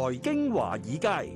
財經華爾街，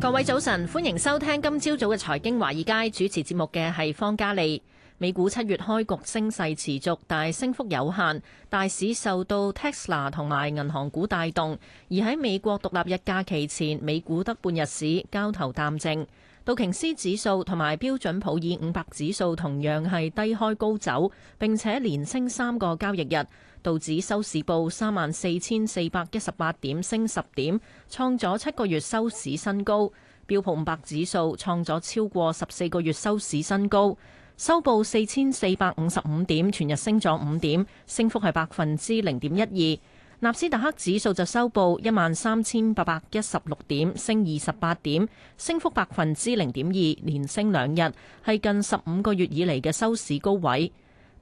各位早晨，歡迎收聽今朝早嘅財經華爾街主持節目嘅係方嘉利，美股七月開局升勢持續，但係升幅有限，大市受到 Tesla 同埋銀行股帶動。而喺美國獨立日假期前，美股得半日市，交投淡靜。道瓊斯指數同埋標準普爾五百指數同樣係低開高走，並且連升三個交易日。道指收市報三萬四千四百一十八點，升十點，創咗七個月收市新高。標普五百指數創咗超過十四個月收市新高，收報四千四百五十五點，全日升咗五點，升幅係百分之零點一二。納斯達克指數就收報一萬三千八百一十六點，升二十八點，升幅百分之零點二，連升兩日，係近十五個月以嚟嘅收市高位。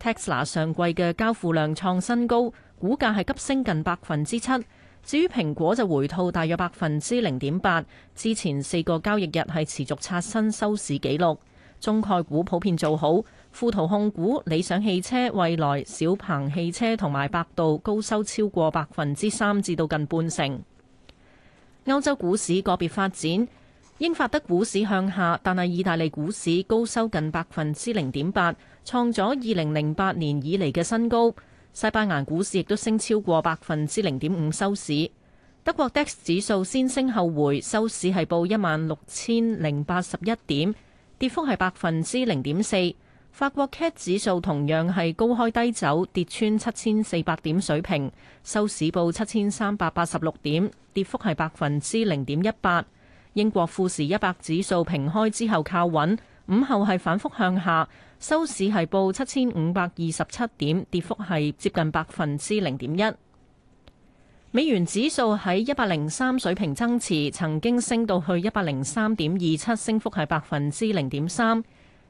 Tesla 上季嘅交付量創新高，股價係急升近百分之七。至於蘋果就回吐大約百分之零點八，之前四個交易日係持續刷新收市紀錄。中概股普遍做好。富途控股、理想汽車、蔚來、小鵬汽車同埋百度高收超過百分之三至到近半成。歐洲股市個別發展，英法德股市向下，但係意大利股市高收近百分之零點八，創咗二零零八年以嚟嘅新高。西班牙股市亦都升超過百分之零點五收市。德國 DAX 指數先升後回，收市係報一萬六千零八十一點，跌幅係百分之零點四。法國 CAC 指數同樣係高開低走，跌穿七千四百點水平，收市報七千三百八十六點，跌幅係百分之零點一八。英國富時一百指數平開之後靠穩，午後係反復向下，收市係報七千五百二十七點，跌幅係接近百分之零點一。美元指數喺一百零三水平增持，曾經升到去一百零三點二七，升幅係百分之零點三。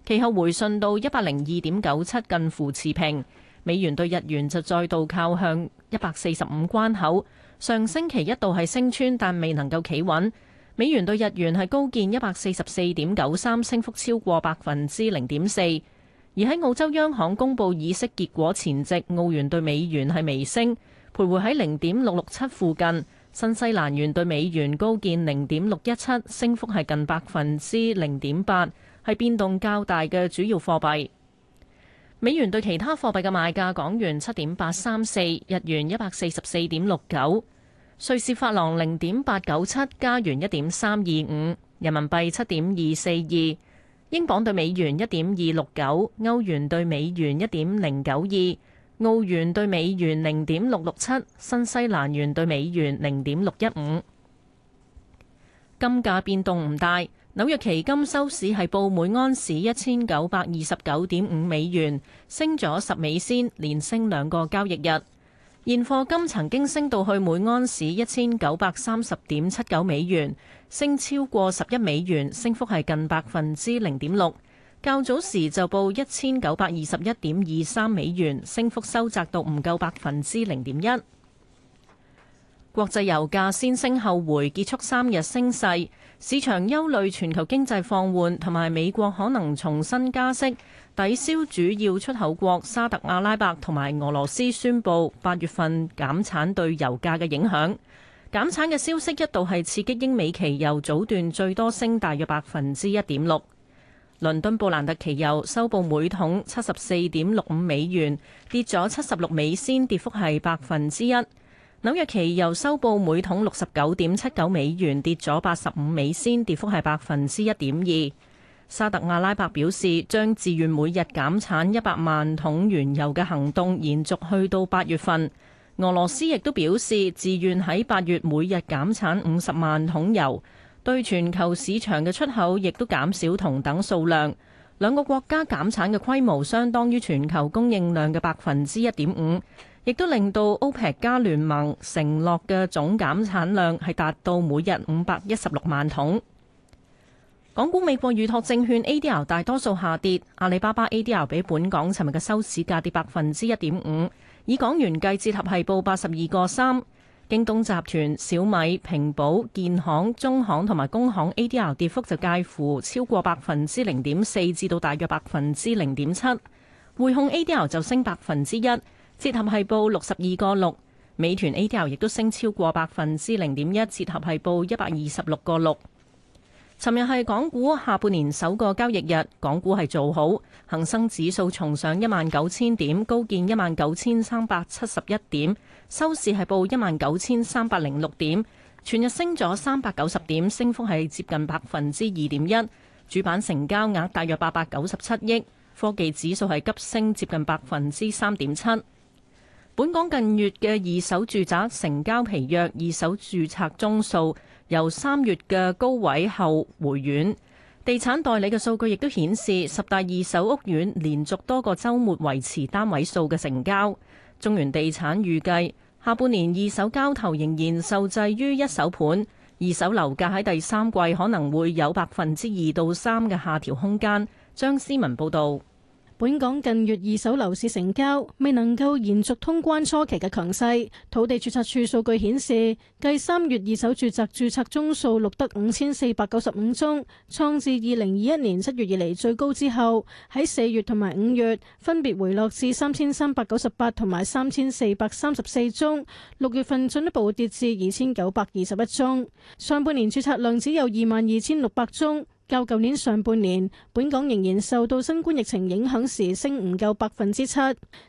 其後回信到一百零二點九七，近乎持平。美元對日元就再度靠向一百四十五關口，上星期一度係升穿，但未能夠企穩。美元對日元係高見一百四十四點九三，升幅超過百分之零點四。而喺澳洲央行公布議息結果前夕，澳元對美元係微升，徘徊喺零點六六七附近。新西蘭元對美元高見零點六一七，升幅係近百分之零點八。係變動較大嘅主要貨幣，美元對其他貨幣嘅賣價：港元七點八三四，日元一百四十四點六九，瑞士法郎零點八九七，加元一點三二五，人民幣七點二四二，英鎊對美元一點二六九，歐元對美元一點零九二，澳元對美元零點六六七，新西蘭元對美元零點六一五。金價變動唔大。紐約期金收市係報每安士一千九百二十九點五美元，升咗十美仙，連升兩個交易日。現貨金曾經升到去每安士一千九百三十點七九美元，升超過十一美元，升幅係近百分之零點六。較早時就報一千九百二十一點二三美元，升幅收窄到唔夠百分之零點一。國際油價先升後回，結束三日升勢。市場憂慮全球經濟放緩同埋美國可能重新加息，抵消主要出口國沙特阿拉伯同埋俄羅斯宣布八月份減產對油價嘅影響。減產嘅消息一度係刺激英美期油早段最多升大約百分之一點六。倫敦布蘭特期油收報每桶七十四點六五美元，跌咗七十六美仙，跌幅係百分之一。紐約期油收報每桶六十九點七九美元，跌咗八十五美仙，跌幅係百分之一點二。沙特阿拉伯表示將自願每日減產一百萬桶原油嘅行動，延續去到八月份。俄羅斯亦都表示，自願喺八月每日減產五十萬桶油，對全球市場嘅出口亦都減少同等數量。兩個國家減產嘅規模相當於全球供應量嘅百分之一點五。亦都令到歐佩克加聯盟承諾嘅總減產量係達到每日五百一十六萬桶。港股美國預託證券 A D R 大多數下跌，阿里巴巴 A D R 比本港尋日嘅收市價跌百分之一點五，以港元計，折合係報八十二個三。京東集團、小米、平保、建行、中行同埋工行 A D R 跌幅就介乎超過百分之零點四至到大約百分之零點七。匯控 A D R 就升百分之一。折合係報六十二個六，美團 A.T.O. 亦都升超過百分之零點一，折合係報一百二十六個六。尋日係港股下半年首個交易日，港股係做好，恒生指數重上一萬九千點，高見一萬九千三百七十一點，收市係報一萬九千三百零六點，全日升咗三百九十點，升幅係接近百分之二點一。主板成交額，額大約八百九十七億，科技指數係急升，接近百分之三點七。本港近月嘅二手住宅成交疲弱，二手註冊宗數由三月嘅高位後回軟。地產代理嘅數據亦都顯示，十大二手屋苑連續多個周末維持單位數嘅成交。中原地產預計下半年二手交投仍然受制於一手盤，二手樓價喺第三季可能會有百分之二到三嘅下調空間。張思文報道。本港近月二手樓市成交未能夠延續通關初期嘅強勢，土地註冊處數據顯示，繼三月二手住宅註冊宗數錄得五千四百九十五宗，創自二零二一年七月以嚟最高之後，喺四月同埋五月分別回落至三千三百九十八同埋三千四百三十四宗，六月份進一步跌至二千九百二十一宗，上半年註冊量只有二萬二千六百宗。較舊年上半年，本港仍然受到新冠疫情影響時升唔夠百分之七。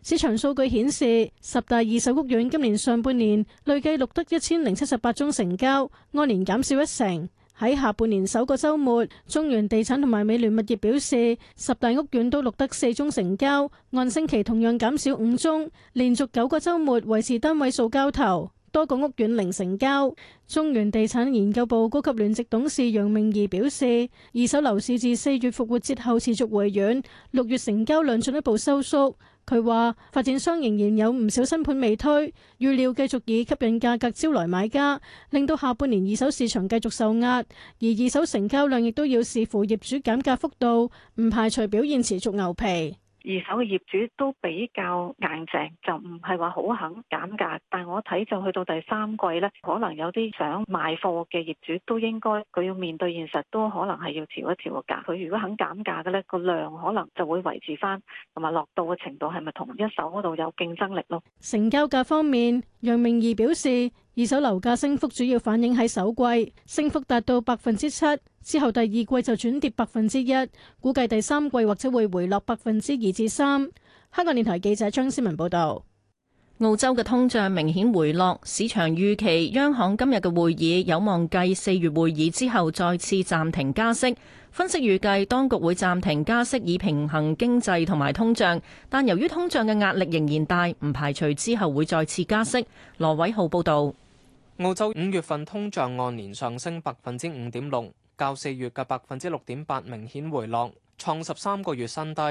市場數據顯示，十大二手屋苑今年上半年累計錄得一千零七十八宗成交，按年減少一成。喺下半年首個周末，中原地產同埋美聯物業表示，十大屋苑都錄得四宗成交，按星期同樣減少五宗，連續九個周末維持單位數交投。多個屋苑零成交，中原地產研究部高級聯席董事楊明儀表示，二手樓市自四月復活節後持續回軟，六月成交量進一步收縮。佢話，發展商仍然有唔少新盤未推，預料繼續以吸引價格招來買家，令到下半年二手市場繼續受壓，而二手成交量亦都要視乎業主減價幅度，唔排除表現持續牛皮。二手嘅業主都比較硬淨，就唔係話好肯減價。但我睇就去到第三季呢，可能有啲想賣貨嘅業主都應該佢要面對現實，都可能係要調一調個價。佢如果肯減價嘅呢，個量可能就會維持返，同埋落到嘅程度係咪同一手嗰度有競爭力咯？成交價方面，楊明儀表示，二手樓價升幅主要反映喺首季，升幅達到百分之七。之後第二季就轉跌百分之一，估計第三季或者會回落百分之二至三。香港電台記者張思文報道，澳洲嘅通脹明顯回落，市場預期央行今日嘅會議有望繼四月會議之後再次暫停加息。分析預計當局會暫停加息，以平衡經濟同埋通脹，但由於通脹嘅壓力仍然大，唔排除之後會再次加息。羅偉浩報道，澳洲五月份通脹按年上升百分之五點六。較四月嘅百分之六點八明顯回落，創十三個月新低。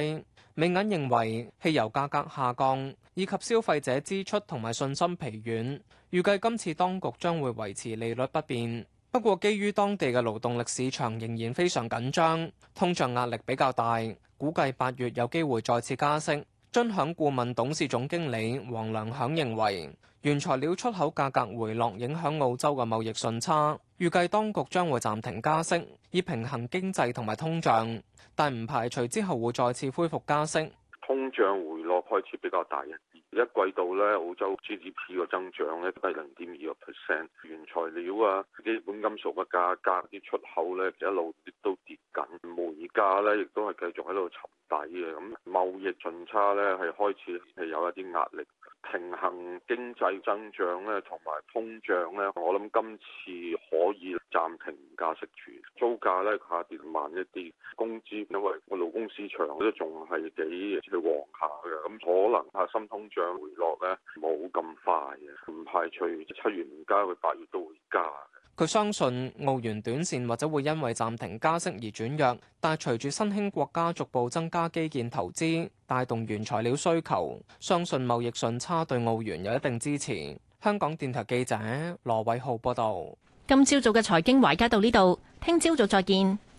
美銀認為汽油價格下降，以及消費者支出同埋信心疲軟，預計今次當局將會維持利率不變。不過，基於當地嘅勞動力市場仍然非常緊張，通脹壓力比較大，估計八月有機會再次加息。津享顧問董事總經理黃良響認為，原材料出口價格回落影響澳洲嘅貿易順差，預計當局將會暫停加息，以平衡經濟同埋通脹，但唔排除之後會再次恢復加息。通脹回落開始比較大一啲，一季度咧，澳洲 GDP 個增長咧都係零點二個 percent，原材料啊、基本金屬嘅價格、啲出口咧一路都跌緊，煤價咧亦都係繼續喺度沉底嘅，咁貿易順差咧係開始係有一啲壓力。平衡經濟增長咧，同埋通脹咧，我諗今次可以暫停加息潮，租價咧下跌慢一啲，工資因為我勞工市場都仲係幾旺下嘅，咁可能核心通脹回落咧冇咁快嘅，唔排除七月唔加，佢八月都會加。佢相信澳元短線或者會因為暫停加息而轉弱，但隨住新興國家逐步增加基建投資帶動原材料需求，相信貿易順差對澳元有一定支持。香港電台記者羅偉浩報道。今朝早嘅財經華爾街到呢度，聽朝早再見。